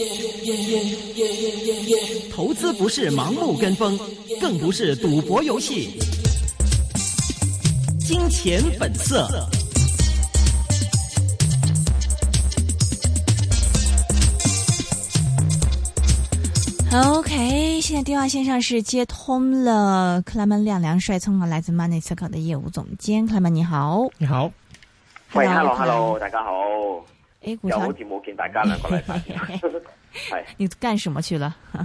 投資不是盲目跟風，更不是賭博遊戲。金錢本色。OK，現在電話綫上是接通了。克萊曼亮梁帥聰啊，來自 Money Circle 的業務總監，克萊曼。你好，你好。喂，Hello，Hello，大家好。又好似冇見大家兩個禮拜，係 是。你幹什麼去了？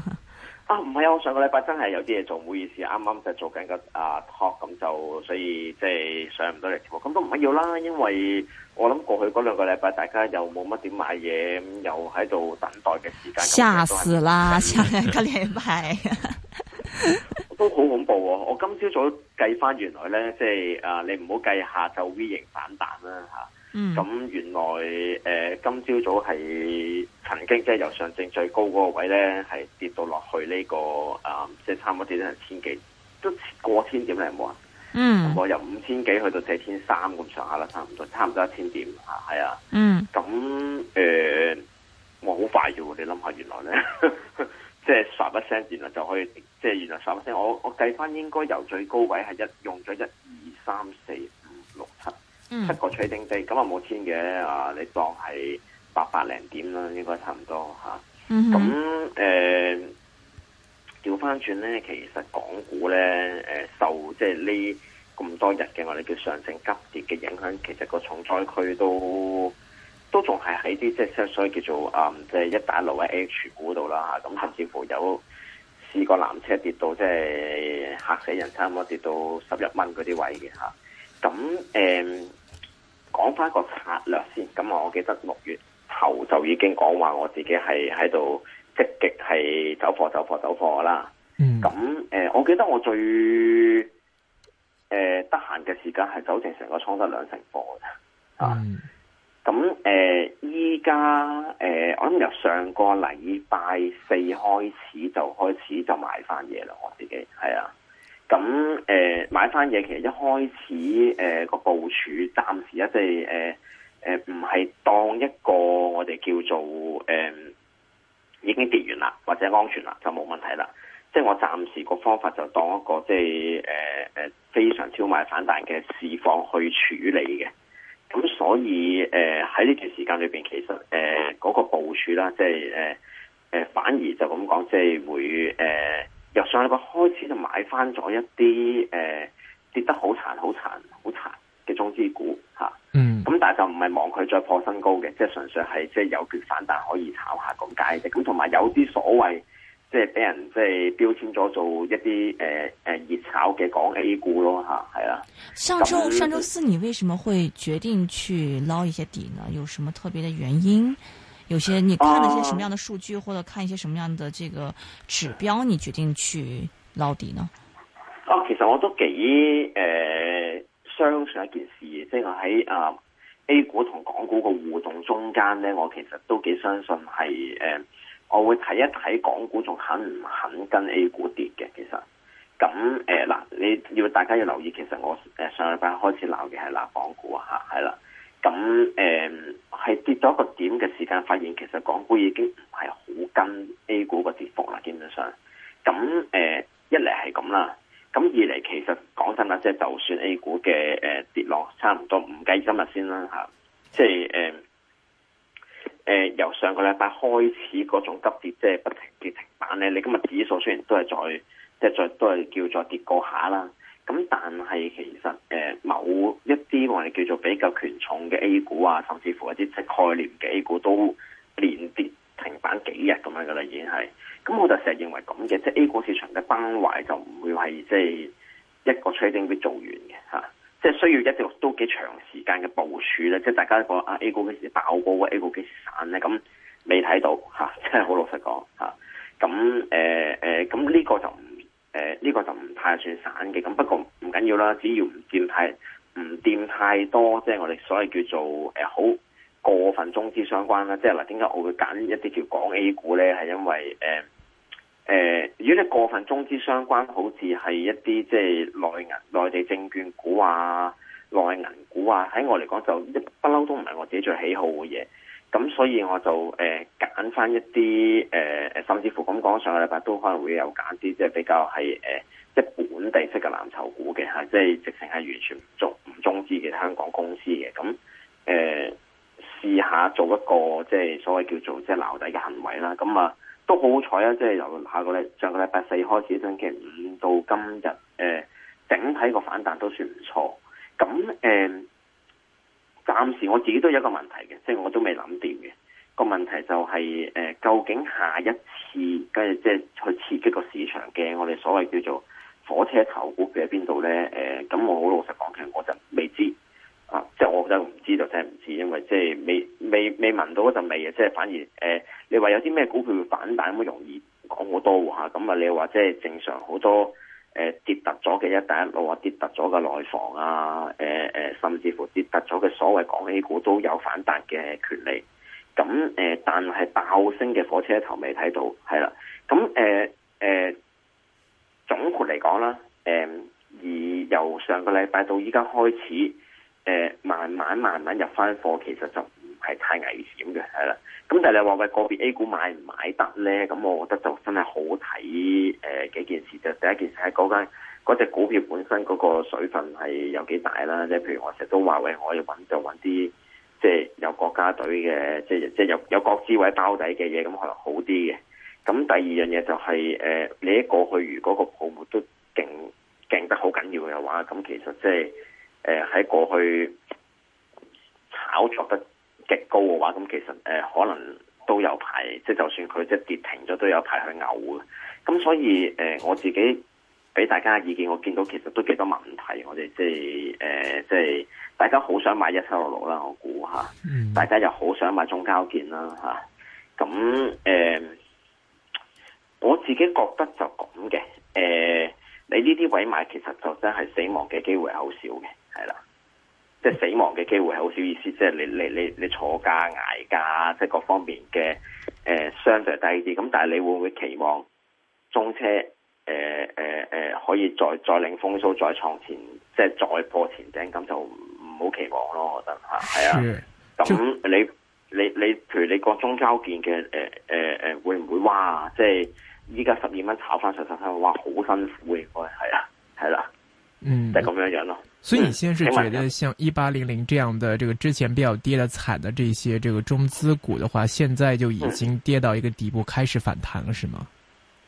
啊，唔係啊，我上個禮拜真係有啲嘢做，唔好意思，啱啱、啊、就做緊個啊 talk，咁就所以即係上唔到嚟，咁都唔緊要啦。因為我諗過去嗰兩個禮拜，大家又冇乜點買嘢，咁又喺度等待嘅時間。吓死啦！吓，兩個禮拜都好恐怖，哦。我今朝早計翻原來咧，即係啊，你唔好計下晝 V 型反彈啦，吓，啊。咁、嗯、原來誒、呃、今朝早係曾經即係、就是、由上證最高嗰個位咧，係跌到落去呢、這個啊，即、呃、係、就是、差唔多跌咗成千幾，都過千點啦，有冇啊？嗯，我由五千幾去到四千三咁上下啦，差唔多，多，差唔多，多一千點啊，係啊。嗯，咁誒，我、呃、好快嘅你諗下，原來咧，即係十一聲，原來就可以，即、就、係、是、原來十一聲，我我計翻應該由最高位係一用咗一二三四。七個取頂地，咁啊冇天嘅啊，你當係八百零點啦，應該差唔多嚇。咁誒調翻轉咧，其實港股咧誒、呃、受即係呢咁多日嘅我哋叫上證急跌嘅影響，其實個重災區都都仲係喺啲即係所謂叫做嗯即係、就是、一打六嘅 H 股度啦，咁甚至乎有試過纜車跌到即係、就是、嚇死人差唔多跌到十一蚊嗰啲位嘅嚇。咁、啊、誒？講翻個策略先，咁我我記得六月頭就已經講話我自己係喺度積極係走貨走貨走貨啦。咁誒、嗯呃，我記得我最誒、呃、得閒嘅時間係走正兩成成個倉得兩成貨嘅。嗯、啊、咁誒，依家誒，我諗由上個禮拜四開始就開始就買翻嘢啦，我自己係啊。咁誒、呃，買翻嘢，其實一開始誒個、呃、部署暫一，暫時咧即係誒誒，唔、呃、係當一個我哋叫做誒、呃、已經跌完啦或者安全啦就冇問題啦。即係我暫時個方法就當一個即係誒誒非常超賣反彈嘅市況去處理嘅。咁所以誒喺呢段時間裏邊，其實誒嗰、呃那個部署啦，即係誒誒反而就咁講，即係會誒。呃由上禮拜開始就買翻咗一啲誒、呃、跌得好殘好殘好殘嘅中資股嚇、啊嗯嗯，嗯，咁但係就唔係望佢再破新高嘅，即、就、係、是、純粹係即係有跌反彈可以炒下咁解嘅。咁同埋有啲所謂即係俾人即係標籤咗做一啲誒誒熱炒嘅港 A 股咯嚇，係、啊、啦。啊、上週、嗯、上週四你為什麼會決定去撈一些底呢？有什麼特別的原因？有些你看了一些什麼樣的數據，啊、或者看一些什麼樣的這個指標，你決定去撈底呢？哦、啊，其實我都幾誒、呃、相信一件事，即係我喺啊 A 股同港股嘅，互動中間呢，我其實都幾相信係誒、呃，我會睇一睇港股仲肯唔肯跟 A 股跌嘅。其實咁誒嗱，你要大家要留意，其實我誒、呃、上禮拜開始撈嘅係撈港股啊，吓係啦。咁誒係跌咗一個點嘅時間，發現其實港股已經唔係好跟 A 股個跌幅啦，基本上。咁誒、呃、一嚟係咁啦，咁二嚟其實講真啦，即、就、係、是、就算 A 股嘅誒、呃、跌落差唔多，唔計今日先啦嚇、啊，即係誒誒由上個禮拜開始嗰種急跌，即、就、係、是、不停跌停板咧。你今日指數雖然都係再，即係再都係叫做跌過下啦。咁、嗯、但係其實誒、呃、某一啲我哋叫做比較權重嘅 A 股啊，甚至乎一啲即概念嘅 A 股都連跌停板幾日咁樣嘅啦，已經係。咁、嗯、我就成日認為咁嘅，即係 A 股市場嘅崩壞就唔會係即係一個趨勢會做完嘅嚇、嗯，即係需要一直都幾長時間嘅部署咧。即係大家一個啊，啊，啊 A 股幾時爆煲，A 股幾時散咧？咁未睇到嚇，即係好老實講嚇。咁誒誒，咁、嗯、呢個就。這個 聽 Priest 誒，呢、呃這個就唔太算散嘅，咁不過唔緊要啦，只要唔佔太唔掂太多，即係我哋所謂叫做誒、呃、好過分中資相關啦。即係嗱，點解我會揀一啲叫港 A 股咧？係因為誒誒、呃呃，如果你過分中資相關，好似係一啲即係內銀內地證券股啊、內銀股啊，喺我嚟講就一不嬲都唔係我自己最喜好嘅嘢。咁、嗯、所以我就誒揀翻一啲誒誒，甚至乎咁講、嗯、上個禮拜都可能會有揀啲即係比較係誒、呃，即係本地式嘅藍籌股嘅嚇，即係直情係完全唔中唔中資嘅香港公司嘅。咁、嗯、誒、呃、試下做一個即係所謂叫做即係撈底嘅行為啦。咁、嗯、啊、嗯、都好彩啊！即係由下個禮上個禮拜四開始，星期五到今日誒、呃，整體個反彈都算唔錯。咁、嗯、誒。嗯暫時我自己都有一個問題嘅，即係我都未諗掂嘅個問題就係、是、誒、呃，究竟下一次嘅即係去刺激個市場嘅，我哋所謂叫做火車頭股喺邊度咧？誒、呃，咁我好老實講，其實我就未知啊，即係我覺得唔知就真係唔知，因為即係未未未聞到嗰陣味啊，即係反而誒、呃，你話有啲咩股票會反彈咁容易講好多喎。咁，啊，你話即係正常好多。誒、呃、跌突咗嘅一帶一路啊，跌突咗嘅內房啊，誒、呃、誒，甚至乎跌突咗嘅所謂港 A 股都有反彈嘅權利。咁誒、呃，但係爆升嘅火車頭未睇到，係啦。咁誒誒，總括嚟講啦，誒、呃，而由上個禮拜到依家開始，誒、呃，慢慢慢慢入翻貨，其實就，係太危險嘅，係啦。咁但係，你話喂個別 A 股買唔買得咧？咁我覺得就真係好睇，誒，幾件事就第一件事係嗰間嗰隻股票本身嗰個水分係有幾大啦。即係譬如我成日都話喂，我要揾就揾啲即係有國家隊嘅，即係即係有有國資委包底嘅嘢，咁可能好啲嘅。咁第二樣嘢就係、是、誒、呃，你過去如果個泡沫都勁勁得好緊要嘅話，咁其實即係誒喺過去炒作得。極高嘅話，咁其實誒、呃、可能都有排，即係就算佢即係跌停咗，都有排去嘔嘅。咁所以誒、呃，我自己俾大家嘅意見，我見到其實都幾多問題，我哋即係誒，即係、呃、大家好想買一七六六啦，我估吓，大家又好想買中交建啦吓。咁、啊、誒、呃，我自己覺得就咁嘅。誒、呃，你呢啲位買，其實就真係死亡嘅機會係好少嘅，係啦。即係死亡嘅機會係好少意思，即係你你你你坐價、挨價，即係各方面嘅誒相對低啲。咁、呃、但係你會唔會期望中車誒誒誒可以再再領風騷，再創前即係再破前頂？咁就唔好期望咯，我覺得嚇。係啊，咁你你你，譬如你個中交建嘅誒誒誒，會唔會哇？即係依家十二蚊炒翻上上三，哇！好辛苦應該係啊，係啦、啊。嗯，就係咁樣樣咯。所以你先至覺得，像一八零零這樣的這個之前比較跌得慘的這些這個中資股的話，現在就已經跌到一個底部，開始反彈了，嗯、是嗎？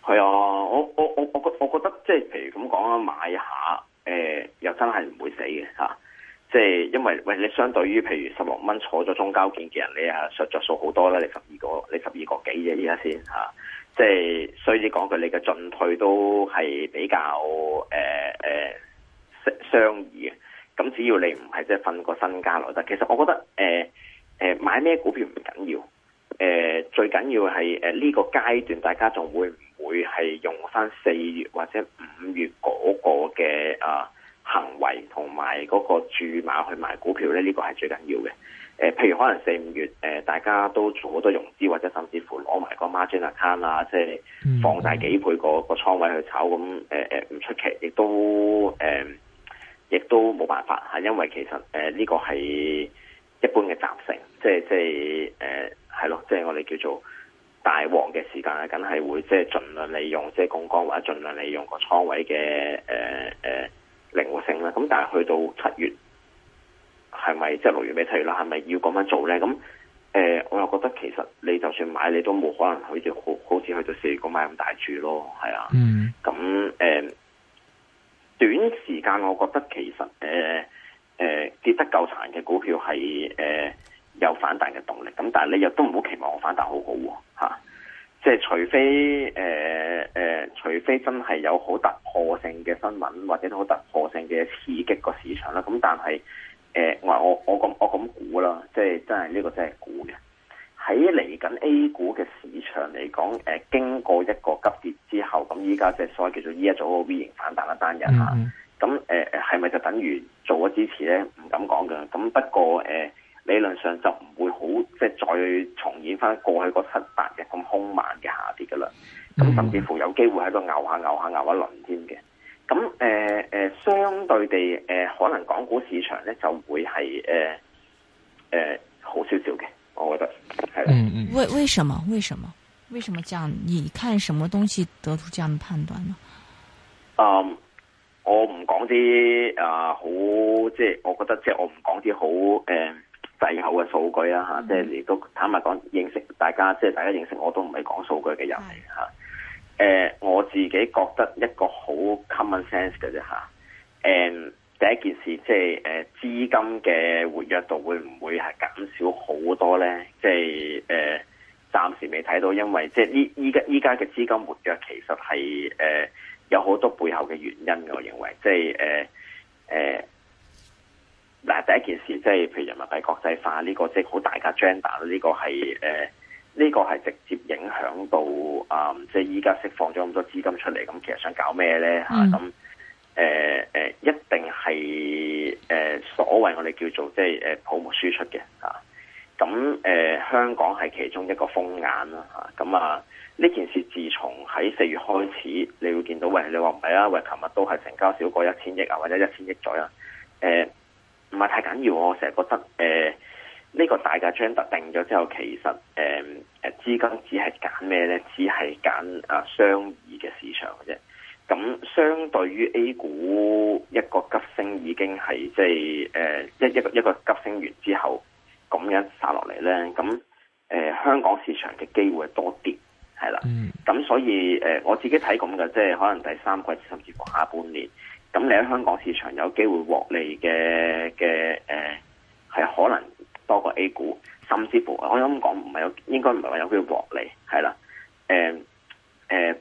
係、嗯、啊，我我我我覺我覺得即係譬如咁講啦，買一下誒、呃、又真係唔會死嘅吓，即、啊、係因為喂你相對於譬如十六蚊坐咗中交建嘅人，你啊着數好多啦，你十二個你十二個幾嘅依家先吓，即係所以講句，你嘅進退都係比較誒誒。呃呃商議嘅，咁只要你唔係即係瞓個身家落得，其實我覺得誒誒、呃呃、買咩股票唔緊要，誒、呃、最緊要係誒呢個階段大家仲會唔會係用翻四月或者五月嗰個嘅啊、呃、行為同埋嗰個注碼去買股票咧？呢、這個係最緊要嘅。誒、呃，譬如可能四五月誒、呃、大家都做好多融資或者甚至乎攞埋個 margin account 啊，即、就、係、是、放大幾倍、那個、那個倉位去炒咁誒誒，唔、呃呃、出奇，亦都誒。呃亦都冇辦法，係因為其實誒呢、呃這個係一般嘅習性，即係即係誒係咯，即係、呃、我哋叫做大黃嘅時間啦，梗係會即係儘量利用即係槓桿或者儘量利用個倉位嘅誒誒靈活性啦。咁但係去到七月係咪即係六月尾七月啦？係咪要咁樣做咧？咁誒、呃、我又覺得其實你就算買，你都冇可能好似好好似去到四月買咁大注咯，係啊，嗯，咁誒。呃時間我覺得其實誒誒、呃呃、跌得夠殘嘅股票係誒、呃、有反彈嘅動力，咁但係你又都唔好期望我反彈好好、啊、喎，吓、啊，即係除非誒誒、呃呃，除非真係有好突破性嘅新聞或者好突破性嘅刺激個市場啦，咁、啊、但係誒、呃、我話我我咁我咁估啦，即係真係呢、這個真係估嘅。喺嚟緊 A 股嘅市場嚟講，誒、呃，經過一個急跌之後，咁依家即係所謂叫做呢一組 V 型反彈一單人。吓、mm，咁誒係咪就等於做咗支持咧？唔敢講嘅，咁不過誒、呃，理論上就唔會好，即係再重演翻過去個七八日咁兇猛嘅下跌噶啦，咁、mm hmm。甚至乎有機會喺度熬下熬下熬一,一輪添嘅，咁誒誒，相對地誒、呃，可能港股市場咧就會係誒誒好少少嘅。我覺得係，嗯，為為什麼？為什麼？為什麼這樣？你看什麼東西得出這樣嘅判斷呢？嗯、um, 啊就是，我唔講啲啊好，即係我覺得即係我唔講啲好誒細口嘅數據啦吓，即係你都坦白講，認識大家即係、就是、大家認識我都唔係講數據嘅人嚟吓，誒 Right.、啊呃，我自己覺得一個好 common sense 嘅啫吓，誒、啊。And, 第一件事即係誒資金嘅活躍度會唔會係減少好多呢？即係誒暫時未睇到，因為即係依依家依家嘅資金活躍其實係誒、呃、有好多背後嘅原因，我認為即係誒誒嗱，第一件事即係譬如人民幣國際化呢、呢個即係好大嘅 gender 呢個係誒呢個係、呃這個、直接影響到啊、嗯、即係依家釋放咗咁多資金出嚟，咁其實想搞咩呢？吓咁、嗯。誒誒、呃，一定係誒、呃、所謂我哋叫做即係誒泡沫輸出嘅啊，咁、呃、誒香港係其中一個風眼啦嚇，咁啊呢、啊、件事自從喺四月開始，你會見到喂，你話唔係啊，喂，琴日都係成交少過一千億啊，或者一千億左右、啊。啊」誒唔係太緊要，我成日覺得誒呢、啊這個大價將特定咗之後，其實誒誒資金只係揀咩咧，只係揀啊商議嘅市場嘅啫。咁相對於 A 股一個急升已經係即係誒一一個一個急升完之後咁樣殺落嚟呢。咁、呃、誒香港市場嘅機會多啲係啦。咁、嗯、所以誒、呃、我自己睇咁嘅，即係可能第三季甚至乎下半年，咁你喺香港市場有機會獲利嘅嘅誒，係、呃、可能多過 A 股，甚至乎我諗講唔係有，應該唔係話有機會獲利係啦。誒誒、呃呃、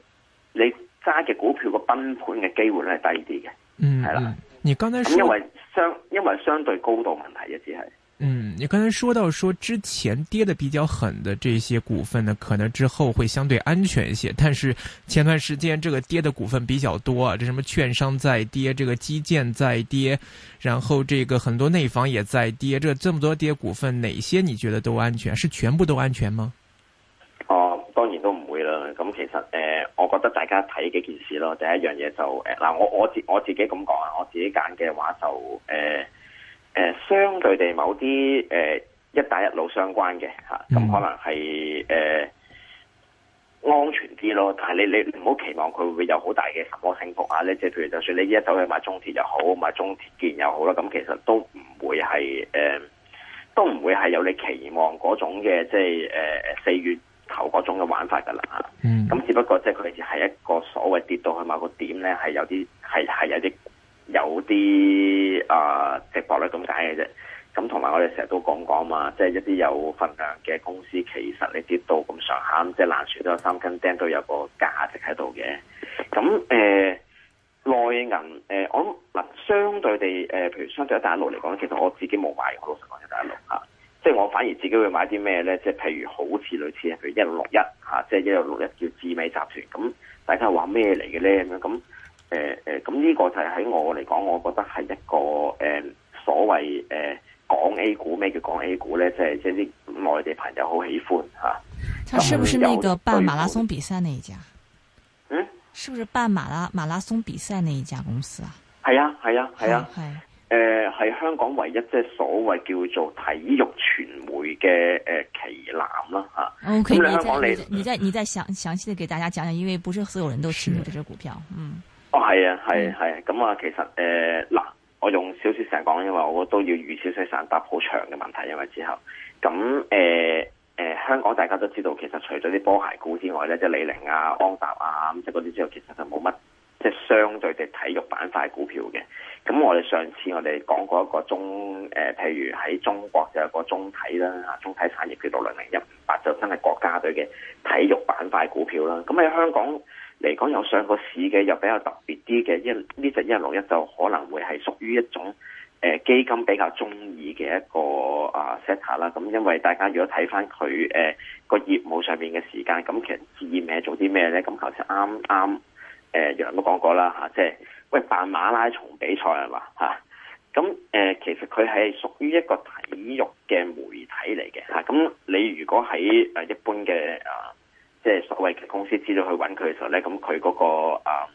你。家嘅股票嘅崩盤嘅機會咧係低啲嘅。嗯，係啦。咁因為相因為相對高度問題嘅，只係，嗯，你剛才說到說之前跌得比較狠的這些股份呢，可能之後會相對安全一些。但是前段時間這個跌的股份比較多，這什麼券商在跌，這個基建在跌，然後這個很多內房也在跌，這這麼多跌股份，哪些你覺得都安全？是全部都安全嗎？哦，當然都唔會啦。咁其實，誒。呃覺得大家睇幾件事咯，第、就係、一樣嘢就誒，嗱、呃、我我自我自己咁講啊，我自己揀嘅話就誒誒、呃呃，相對地某啲誒、呃、一帶一路相關嘅吓，咁、嗯嗯、可能係誒、呃、安全啲咯。但係你你唔好期望佢會，會有好大嘅什麼升幅啊！你即係譬如就算你依家走去買中鐵又好，買中鐵建又好啦，咁其實都唔會係誒、呃，都唔會係有你期望嗰種嘅，即係誒四月。投嗰種嘅玩法噶啦，咁、嗯、 只不過即係佢係一個所謂跌到去某個點咧，係有啲係係有啲有啲啊，跌落去咁解嘅啫。咁同埋我哋成日都講講嘛，即、就、係、是、一啲有份量嘅公司，其實你跌到咁上下，即係爛船都有三根釘，都有個價值喺度嘅。咁誒，內銀誒，我諗嗱相對地誒，譬、呃、如相對喺大陸嚟講，其實我自己冇買，我老實講，喺大陸吓。即係我反而自己會買啲咩咧？即係譬如好似類似 61, 啊，譬如一六六一吓，即係一六六一叫智美集團。咁、啊、大家話咩嚟嘅咧？咁誒誒，咁、呃、呢、呃，這個就喺、是、我嚟講，我覺得係一個誒、呃、所謂誒港、呃、A 股咩叫港 A 股咧？即係即係啲內地朋友好喜歡吓。佢、啊嗯、是不是那個辦馬拉松比賽那一家？嗯，是不是辦馬拉馬拉松比賽那一家公司啊？係啊係啊係啊。係香港唯一即係所謂叫做體育傳媒嘅誒旗艦啦嚇。O、呃、K，、啊嗯、你再你再你再詳詳細地給大家講講，因為不是所有人都持有呢隻股票。嗯。的哦，係啊，係係。咁啊、嗯，其實誒嗱，我用少少成日講，講，講，因為我都要預少少散答好長嘅問題，因為之後咁誒誒，香港大家都知道，其實除咗啲波鞋股之外咧，即係李寧，寧啊、安踏啊咁即係嗰啲之後，其實就冇乜。嗯 mm. 即係相對地體育板塊股票嘅，咁我哋上次我哋講過一個中誒、呃，譬如喺中國就有個中體啦、啊，中體產業叫做零零一八，就真係國家隊嘅體育板塊股票啦。咁、啊、喺香港嚟講有上過市嘅又比較特別啲嘅，一呢隻一六一就可能會係屬於一種誒、呃、基金比較中意嘅一個啊 set 啦。咁、啊、因為大家如果睇返佢誒個業務上面嘅時間，咁其實至咩做啲咩咧？咁頭先啱啱。誒楊、呃、都講過啦嚇、啊，即係喂辦馬拉松比賽呀嘛嚇，咁誒、啊呃、其實佢係屬於一個體育嘅媒體嚟嘅嚇，咁、啊、你如果喺誒一般嘅啊，即係所謂嘅公司資料去揾佢嘅時候咧，咁佢嗰個啊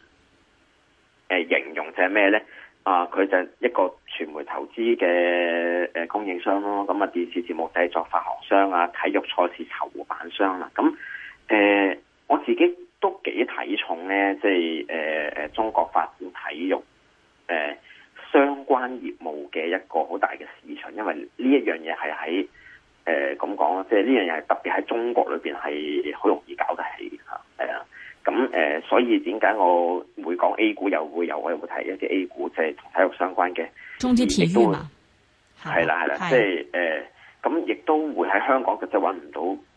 誒、呃、形容就係咩咧？啊，佢就係一個傳媒投資嘅誒供應商咯，咁啊電視節目製作發行商啊，體育賽事籌辦商啦，咁、啊、誒、啊呃、我自己。都幾睇重咧，即係誒誒中國發展體育誒、呃、相關業務嘅一個好大嘅市場，因為呢一樣嘢係喺誒咁講啦，即係呢樣嘢係特別喺中國裏邊係好容易搞得起嘅嚇，係啊，咁、嗯、誒、呃，所以點解我會講 A 股又會有、有，我又會睇一啲 A 股即係同體育相關嘅，中資體育啦，係啦係啦，即係誒，咁亦都會喺香港就即係揾唔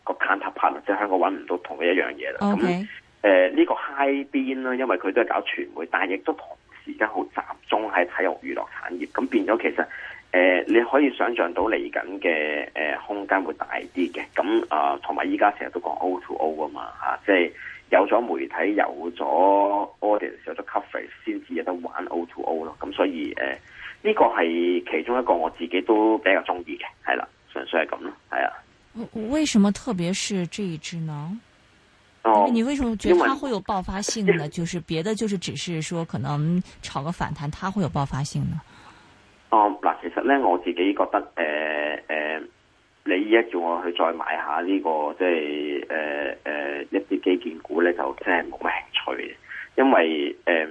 到個 counterpart 啦，即係香港揾唔到同一樣嘢啦，咁。Okay. 誒，呢、呃，這個嗨邊啦，因為佢都係搞傳媒，但係亦都同時間好集中喺體育娛樂產業，咁變咗其實誒、呃，你可以想象到嚟緊嘅誒空間會大啲嘅。咁、嗯、啊，同埋依家成日都講 O2O 啊嘛，吓、啊，即係有咗媒體，有咗 audience 有咗 coverage，先至有得玩 O2O 咯。咁、嗯、所以誒、呢、呃，這個係其中一個我自己都比較中意嘅，係啦，純粹係咁咯，係啊。為什麼特別是這一支呢？嗯、你為什麼覺得它會有爆發性呢？因為，就是別的，就是只是說可能炒個反彈，它會有爆發性呢？哦，嗱，其實咧，我自己覺得，誒、呃、誒、呃，你依家叫我去再買下呢、這個，即係誒誒一啲基建股咧，就真係冇乜興趣，因為誒、呃，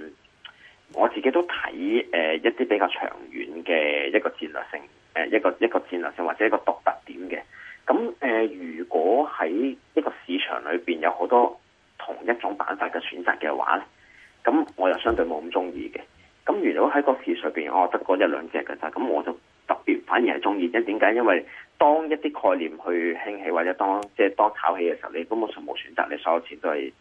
我自己都睇誒、呃、一啲比較長遠嘅一個戰略性，誒、呃、一個一個戰略性或者一個獨特點嘅。咁誒、呃，如果喺一個市場裏邊有好多同一種辦法嘅選擇嘅話咧，咁我又相對冇咁中意嘅。咁如果喺個市場邊，我得嗰一兩隻嘅咋，咁我就特別反而係中意。因點解？因為當一啲概念去興起或者當即係當炒起嘅時候，你根本上冇選擇，你所有錢都係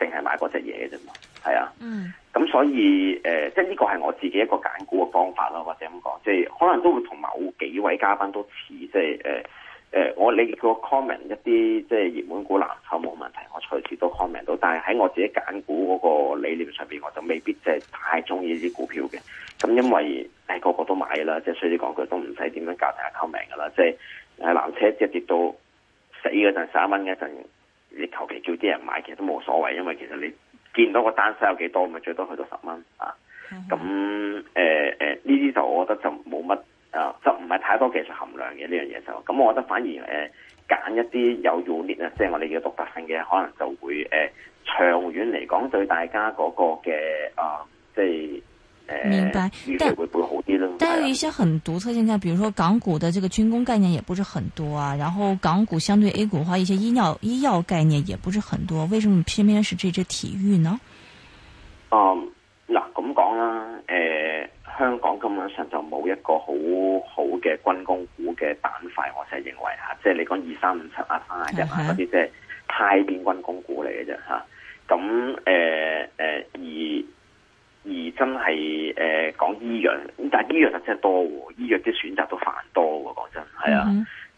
淨係買嗰隻嘢嘅啫嘛。係啊，嗯。咁所以誒、呃，即係呢個係我自己一個揀股嘅方法啦，或者咁講，即係可能都會同某幾位嘉賓都似，即係誒。呃誒、呃，我你個 comment 一啲即係熱門股、藍籌冇問題，我隨時都 comment 到。但係喺我自己揀股嗰個理念上邊，我就未必即係太中意啲股票嘅。咁因為誒、欸、個個都買啦，即係所以講句都唔使點樣教大家 comment 㗎啦。即係誒藍籌即係跌到死嗰陣三蚊一陣，你求其叫啲人買，其實都冇所謂。因為其實你見到個單數有幾多，咪最多去到十蚊啊。咁誒誒，呢啲、嗯嗯呃呃、就我覺得就冇乜。多技術含量嘅呢樣嘢就，咁我覺得反而誒揀一啲有 unique 啊，即係我哋嘅獨特性嘅，可能就會誒長遠嚟講對大家嗰個嘅啊，即係誒，明白，但會會好啲咯。但係有一些很獨特現象，比如說港股嘅這個軍工概念也不是很多啊，然後港股相對 A 股嘅話一些醫藥醫藥概念也不是很多，為什麼偏偏是這支體育呢？嗯。香港根本上就冇一個好好嘅軍工股嘅板塊，我就認為嚇，即係你講二三五七啊 I 一嗰啲即係太邊軍工股嚟嘅啫嚇。咁誒誒，而而真係誒、啊、講醫藥，咁但係醫藥真係多喎，醫藥啲選擇都繁多喎，講真係啊，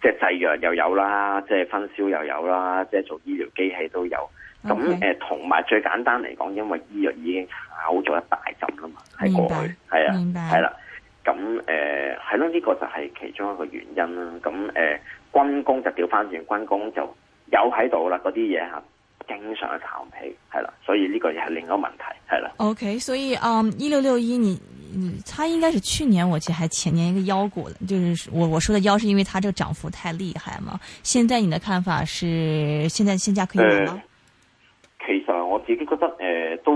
即係製藥又有啦，即係分銷又有啦，即係做醫療機器都有。咁誒，同埋 Okay. 最簡單嚟講，因為醫藥已經炒咗一大浸啦嘛，喺白過去，係啊，係啦白，咁誒、啊，係咯，呢、呃啊這個就係其中一個原因啦、啊。咁誒、呃，軍工就調翻轉，軍工就有喺度啦，嗰啲嘢嚇經常係攤皮，係啦、啊，所以呢個又係另一個問題，係啦、啊。OK，所以嗯，一六六一，你，佢，他應該是去年，我記得係前年一個腰股，就是我，我說的腰，是因為佢個漲幅太厲害嘛。現在你的看法是，現在現價可以買嗎？呃其實我自己覺得誒、呃、都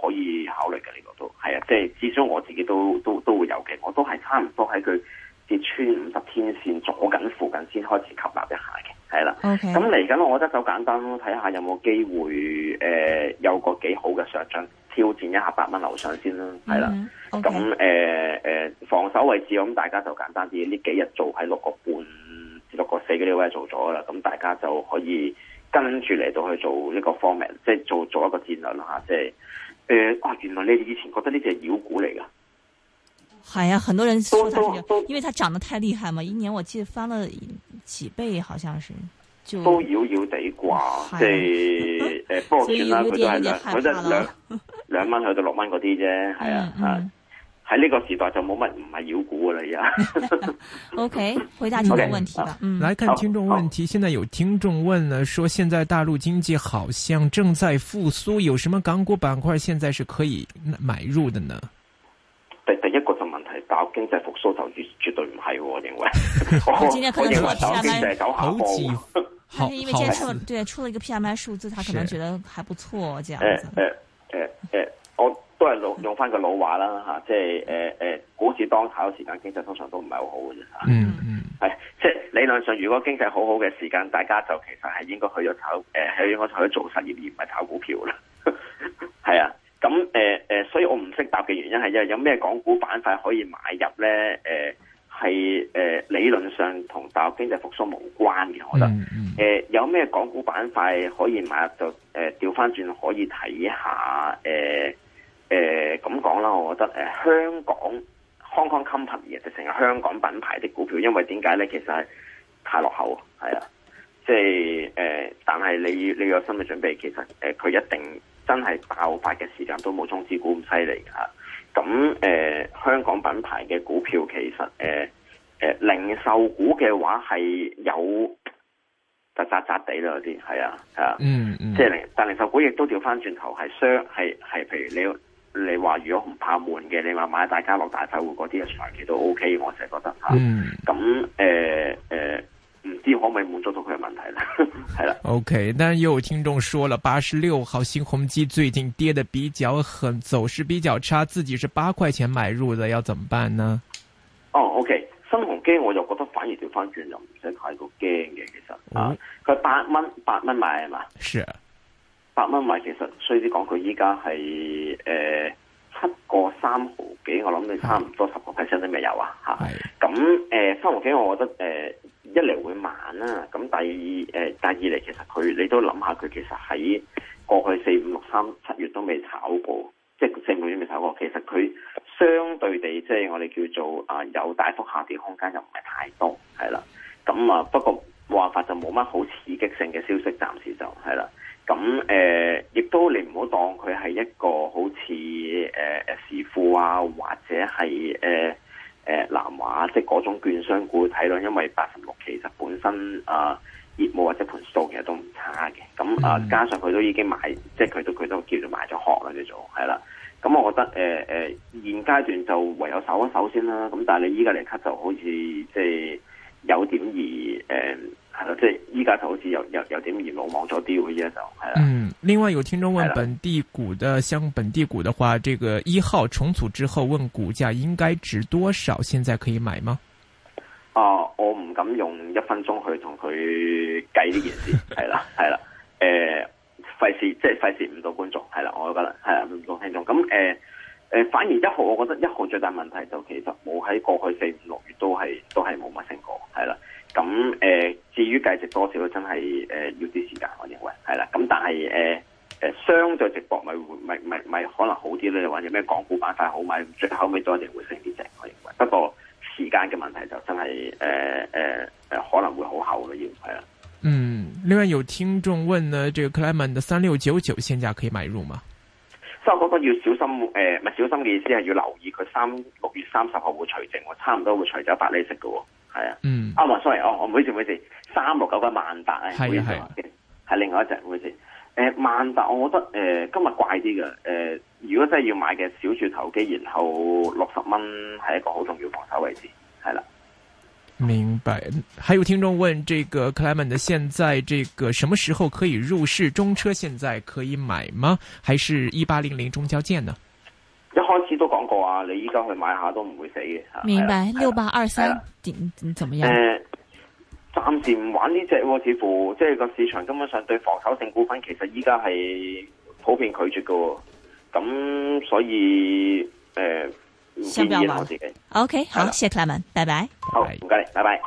可以考慮嘅呢個都係啊，即係至少我自己都都都會有嘅，我都係差唔多喺佢跌穿五十天線左近附近先開始吸納一下嘅，係啦。咁嚟緊，我覺得就簡單咯，睇下有冇機會誒有個幾好嘅上漲挑戰一下八蚊樓上先啦，係、呃、啦。咁誒誒防守位置咁大家就簡單啲，呢幾日做喺六個半、六個四嘅呢位做咗啦，咁大家就可以。跟住嚟到去做一個 format，即係做做一個戰略啦嚇，即係誒哇！原來你以前覺得呢只係妖股嚟噶，係啊，很多人因為佢漲得太厲害嘛，一年我記得翻咗幾倍，好像是就都妖妖地啩，啊、即係誒不過算啦，佢、啊、都係兩怕，佢 兩蚊去到六蚊嗰啲啫，係啊啊！喺呢個時代就冇乜唔係妖股嘅啦，依家。 o、okay, K，回答聽眾問題啦。來看聽眾問題，uh, uh, 現在有聽眾問呢說現在大陸經濟好像正在復甦，有什麼港股板塊現在是可以買入的呢？第第一個就問題，大陸經濟復甦就絕絕對唔係、哦，我認為。我今天可能做下經濟走下坡。還是 因，因為今日出了 對出了一個 PMI 數字，他可能覺得還不錯，這樣子。 都係用用翻個老話啦，吓、啊，即係誒誒，股市當炒嘅時間，經濟通常都唔係好好嘅，吓、啊。嗯嗯、mm。係、hmm.，即係理論上，如果經濟好好嘅時間，大家就其實係應該去咗炒，誒、呃，應去應該去咗做實業，而唔係炒股票啦。係 啊，咁誒誒，所以我唔識答嘅原因係，因為有咩港股板塊可以買入咧？誒、呃，係誒、呃，理論上同大陸經濟復蘇無關嘅，我覺得。誒、hmm. 呃，有咩港股板塊可以買入？就誒，調翻轉可以睇下誒。呃呃呃誒，咁講啦，我覺得誒、呃，香港 Hong Kong company 就成日香港品牌的股票，因為點解咧？其實係太落後，係啊，即係誒、呃，但係你你有心理準備，其實誒，佢，呃、一定真係爆發嘅時間都冇中資股咁犀利噶。咁、啊、誒、呃，香港品牌嘅股票其實誒誒、呃呃，零售股嘅話係有雜雜雜地咯，有啲係啊係啊，嗯、啊、嗯，嗯即係但零售股亦都調翻轉頭係雙係係，譬如你要。你話如果唔怕悶嘅，你話買大家樂大快活嗰啲嘅長期都 OK，我成日覺得吓。咁誒誒，唔、啊嗯、知可唔可以滿足到佢嘅問題咧？係 啦的。OK，但係又有聽眾說了，八十六號新鴻基最近跌得比較狠，走勢比較差，自己是八塊錢買入嘅，要怎麼辦呢？哦，OK，新鴻基我就覺得反而調翻轉又唔使太過驚嘅，其實啊，佢八蚊八蚊買係嘛？是。八蚊買，其實衰啲講，佢依家係誒七個三毫幾，我諗你差唔多十個 percent 都未有啊！嚇的，咁誒三毫幾，我覺得誒、呃、一嚟會慢啦、啊，咁、嗯、第二誒、呃、第二嚟，其實佢你都諗下，佢其實喺過去四五六三七月都未炒過，即係四個月未炒，炒過。其實佢相對地，即係我哋叫做啊、呃、有大幅下跌空間，又唔係太多，係啦。咁啊，不過冇辦法，就冇乜好刺激性嘅消息，暫時就係啦。咁誒、呃，亦都你唔好當佢係一個好似誒誒市庫啊，或者係誒誒南華，即係嗰種券商股睇到，因為八十六其實本身啊、呃、業務或者盤數其實都唔差嘅。咁啊、呃，加上佢都已經買，即係佢都佢都叫做買咗殼啦，叫做係啦。咁我覺得誒誒、呃，現階段就唯有守一守先啦。咁但係你依家嚟咳，就好似即係有點而誒。呃係啦，即係依家就好似有有有點嚴網網咗啲咁嘅嘢就係啦。嗯，另外有聽眾問本地股嘅，的像本地股嘅話，呢、這個一號重組之後，問股價應該值多少？現在可以買嗎？啊、呃，我唔敢用一分鐘去同佢計呢件事，係啦係啦，誒，費、呃、事即係費事唔到觀眾，係啦，我覺得係啦，聽眾聽眾咁，誒誒、呃呃，反而一號，我覺得一號最大問題就其實冇喺過去四五六月都係都係冇乜成果，係啦。咁誒，至於計值多少，真係誒要啲時間，我認為係啦。咁但係誒誒，相對直播咪咪咪咪可能好啲咧。或者咩港股板塊好買，最後尾多一定會升啲嘅，我認為。不過時間嘅問題就真係誒誒誒，可能會好厚嘅要係啦。嗯，另外有聽眾問呢，這個 Clayman 的三六九九現價可以買入嗎？所以我覺得要小心誒，唔小心嘅意思係要留意佢三六月三十號會除淨喎，差唔多會除咗百利息嘅喎。係啊， 嗯，啊唔係，sorry，哦，唔好意思，唔好意思，三六九嘅萬達咧，係係，係另外一隻，唔好意思，誒，萬達我覺得誒、呃，今日怪啲嘅，誒、呃，如果真係要買嘅小柱頭機，然後六十蚊係一個好重要防守位置，係啦。明白。還有聽眾問，這個 Clement 的現在這個什麼時候可以入市？中車現在可以買嗎？還是1800中交建呢？一開始都講過啊，你依家去買下都唔會死嘅。明白的六八二三點點點樣？誒、呃，暫時唔玩呢隻喎，似乎即係個市場根本上對防守性股份其實依家係普遍拒絕嘅、哦。咁所以誒，唔建議投資嘅。O、okay, K，好，的好，謝 Clement，拜拜。好唔該，拜拜。